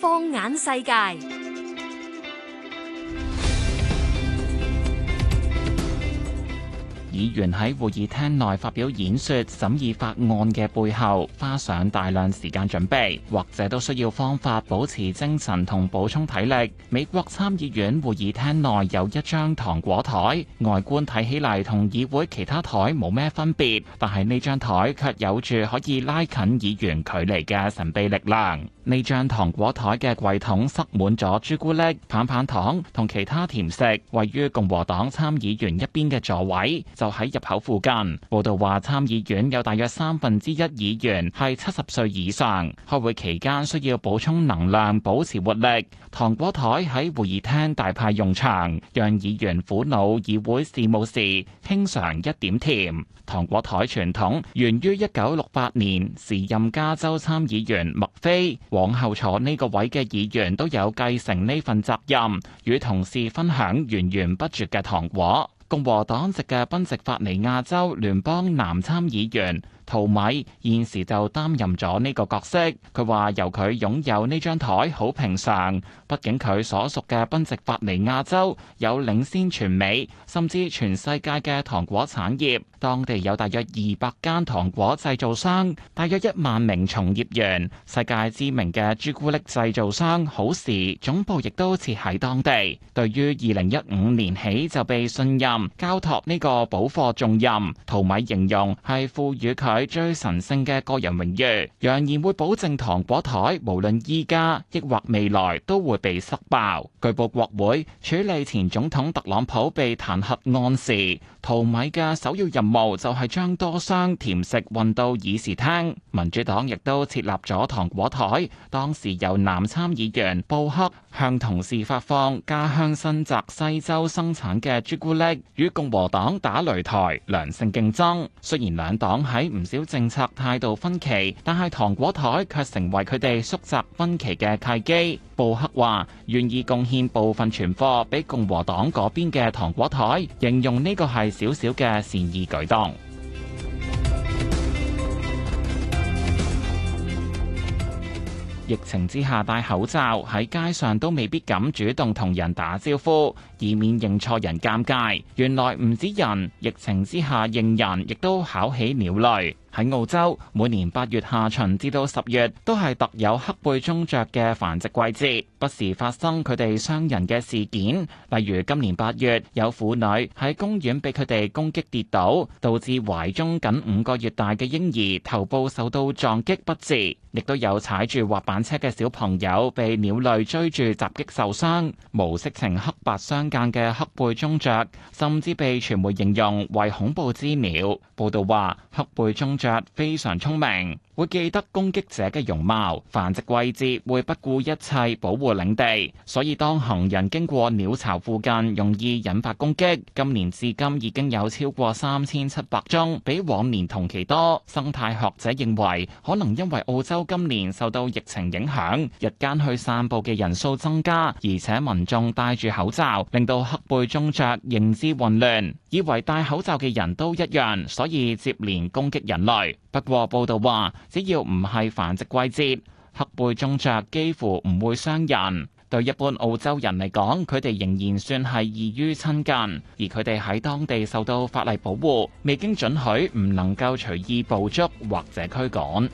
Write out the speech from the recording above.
放眼世界。議員喺會議廳內發表演說、審議法案嘅背後，花上大量時間準備，或者都需要方法保持精神同補充體力。美國參議院會議廳內有一張糖果台，外觀睇起嚟同議會其他台冇咩分別，但係呢張台卻有住可以拉近議員距離嘅神秘力量。呢張糖果台嘅櫃桶塞滿咗朱古力、棒棒糖同其他甜食。位於共和黨參議員一邊嘅座位就喺入口附近，報道話參議院有大約三分之一議員係七十歲以上。開會期間需要補充能量，保持活力。糖果檯喺會議廳大派用場，讓議員苦惱議會事務時，輕嘗一點甜。糖果檯傳統源於一九六八年，時任加州參議員麥菲，往後坐呢個位嘅議員都有繼承呢份責任，與同事分享源源不絕嘅糖果。共和黨籍嘅賓夕法尼亞州聯邦南參議員陶米現時就擔任咗呢個角色。佢話由佢擁有呢張台好平常，畢竟佢所屬嘅賓夕法尼亞州有領先全美甚至全世界嘅糖果產業，當地有大約二百間糖果製造商，大約一萬名從業員，世界知名嘅朱古力製造商好時總部亦都設喺當地。對於二零一五年起就被信任。交託呢個補貨重任，陶米形容係賦予佢最神聖嘅個人榮譽，揚言會保證糖果台無論依家抑或未來都會被塞爆。據報國會處理前總統特朗普被彈劾案時，陶米嘅首要任務就係將多箱甜食運到議事廳。民主黨亦都設立咗糖果台，當時由南參議員布克向同事發放家鄉新澤西州生產嘅朱古力。與共和黨打擂台，良性競爭。雖然兩黨喺唔少政策態度分歧，但係糖果台卻成為佢哋縮窄分歧嘅契機。布克話：願意貢獻部分存貨俾共和黨嗰邊嘅糖果台，形容呢個係小小嘅善意舉動。疫情之下戴口罩喺街上都未必敢主動同人打招呼，以免認錯人尷尬。原來唔止人，疫情之下認人亦都考起鳥類。喺澳洲，每年八月下旬至到十月都係特有黑背鐘鵲嘅繁殖季節，不時發生佢哋傷人嘅事件。例如今年八月，有婦女喺公園被佢哋攻擊跌倒，導致懷中僅五個月大嘅嬰兒頭部受到撞擊不治，亦都有踩住滑板車嘅小朋友被鳥類追住襲擊受傷。毛色呈黑白相間嘅黑背鐘鵲，甚至被傳媒形容為恐怖之鳥。報道話黑背鐘非常聰明。會記得攻擊者嘅容貌。繁殖季節，會不顧一切保護領地。所以當行人經過鳥巢附近，容易引發攻擊。今年至今已經有超過三千七百宗，比往年同期多。生態學者認為，可能因為澳洲今年受到疫情影響，日間去散步嘅人數增加，而且民眾戴住口罩，令到黑背鐘鵲認知混亂，以為戴口罩嘅人都一樣，所以接連攻擊人類。不過報道話，只要唔係繁殖季節，黑背鐘鵲幾乎唔會傷人。對一般澳洲人嚟講，佢哋仍然算係易於親近，而佢哋喺當地受到法例保護，未經准許唔能夠隨意捕捉或者驅趕。